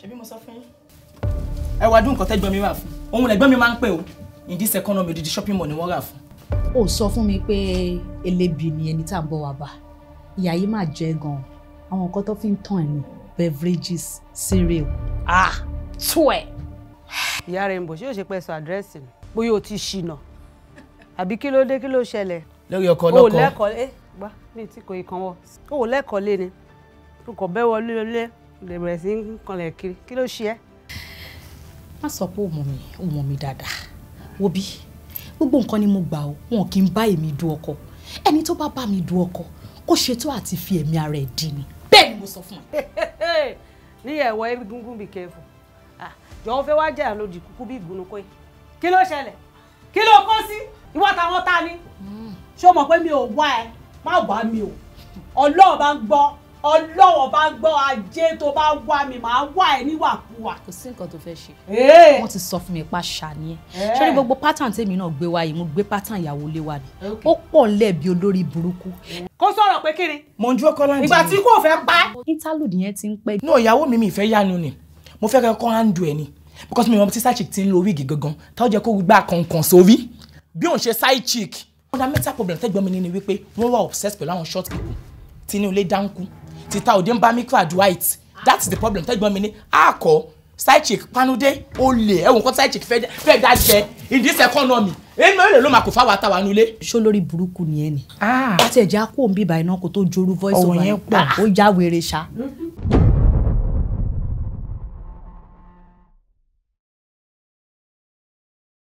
ṣebí mo sọ fún yín. ẹ wá dún nǹkan tẹ́gbọ́n mi rà fún òun lẹ́gbọ́n mi máa ń pè o in this economy odidi shopping mall ni wọ́n rà fún. ó sọ fún mi pé elébi ni ẹni tá à ń bọ̀ wá bá ìyá yìí máa jẹ gan àwọn nǹkan tó fi ń tàn ẹ̀nu beverages cereal ah tuẹ̀. ìyá rẹ̀ ń bọ̀ ṣé yóò ṣe pẹ́ sọ àdírẹ́sì mi bóyá o ti ṣìnà àbí kí ló dé kí ló ṣẹlẹ̀. lórí ọkọ lọkọ o lẹ́kọ̀ọ́ lé gbá mi tí kò ì kàn wọ o lẹ́kọ̀ọ́ lé ni o kò bẹ́ wọlé lé lè bẹ̀rẹ̀ sí ń kanlẹ̀ kiri kí ló ṣe ẹ́. má sọ pé òmò mi òmò mi dáadáa wo bí gbogbo nǹkan ni mo gbà ó wọn kì í bá èmi du ọkọ ẹni tó bá bá mi du ọkọ kó ṣètò àti fi ẹ̀mí ara ẹ̀ dì ní bẹ́ẹ̀ ni mo sọ fún ẹ. ní ẹ̀wọ̀ egungun bí kẹfù jọ̀wọ́ fẹ́ wá jẹ́yà lòdì kúkú bí ìgbónú kọ́ yìí kí ló ṣẹlẹ̀ kí ló kó sí ìwọ táwọn ta ni hmm. ṣé o mọ̀ pé mi ò wá ẹ má wá mi o ọlọ́ọ̀ bá ń gbọ́ ọlọ́wọ́ bá gbọ́ ajé tó bá wá mi màá wá ẹ níwàkuwà. kò sí nǹkan tó fẹ́ ṣe eh. wọ́n ti sọ fún mi pa ṣàní ẹ̀ eh. ṣé ní gbogbo pátán tèmi náà gbé wa yìí mo gbé pátán ìyàwó lé wa ni ó pọ̀ lẹ́ẹ̀bi olórí burúkú. Eh. kó sọ̀rọ̀ pé kíni. mo ń ju ọkọ láǹdì. ìgbà tí kò fẹ́ pa. interlude yẹn ti ń pẹ́. ní ìyàwó mi mi ìfẹ́ yánu ni mo fẹ́ kọ́ handle ẹ̀ ni because mi mọ̀ sísá chick ti ń lo wíìgì gangan táwọn jẹ́ kó gbà kọ̀ọ̀kan sórí bí òun problem tẹ́gbọ́n mi ní ni wípé wọ́n wà obsessed pẹ̀lú àwọn short people tí inú títa òde ń bá mi clad white the problem tẹ́gbọ́n mi ní àkọ́ side chick panude olè ẹ̀wọ̀n kan side chick fẹ́ dá jẹ in this economy èmi ò lè ló máa kó fáwọn àtàwọn anulé. ṣó lórí burúkú ni ẹ ni. Ah. àti ẹ̀jẹ̀ á kó bíbá iná kó tó jorú voice over yẹn ah, ó já wèrè ṣá. Mm-hmm.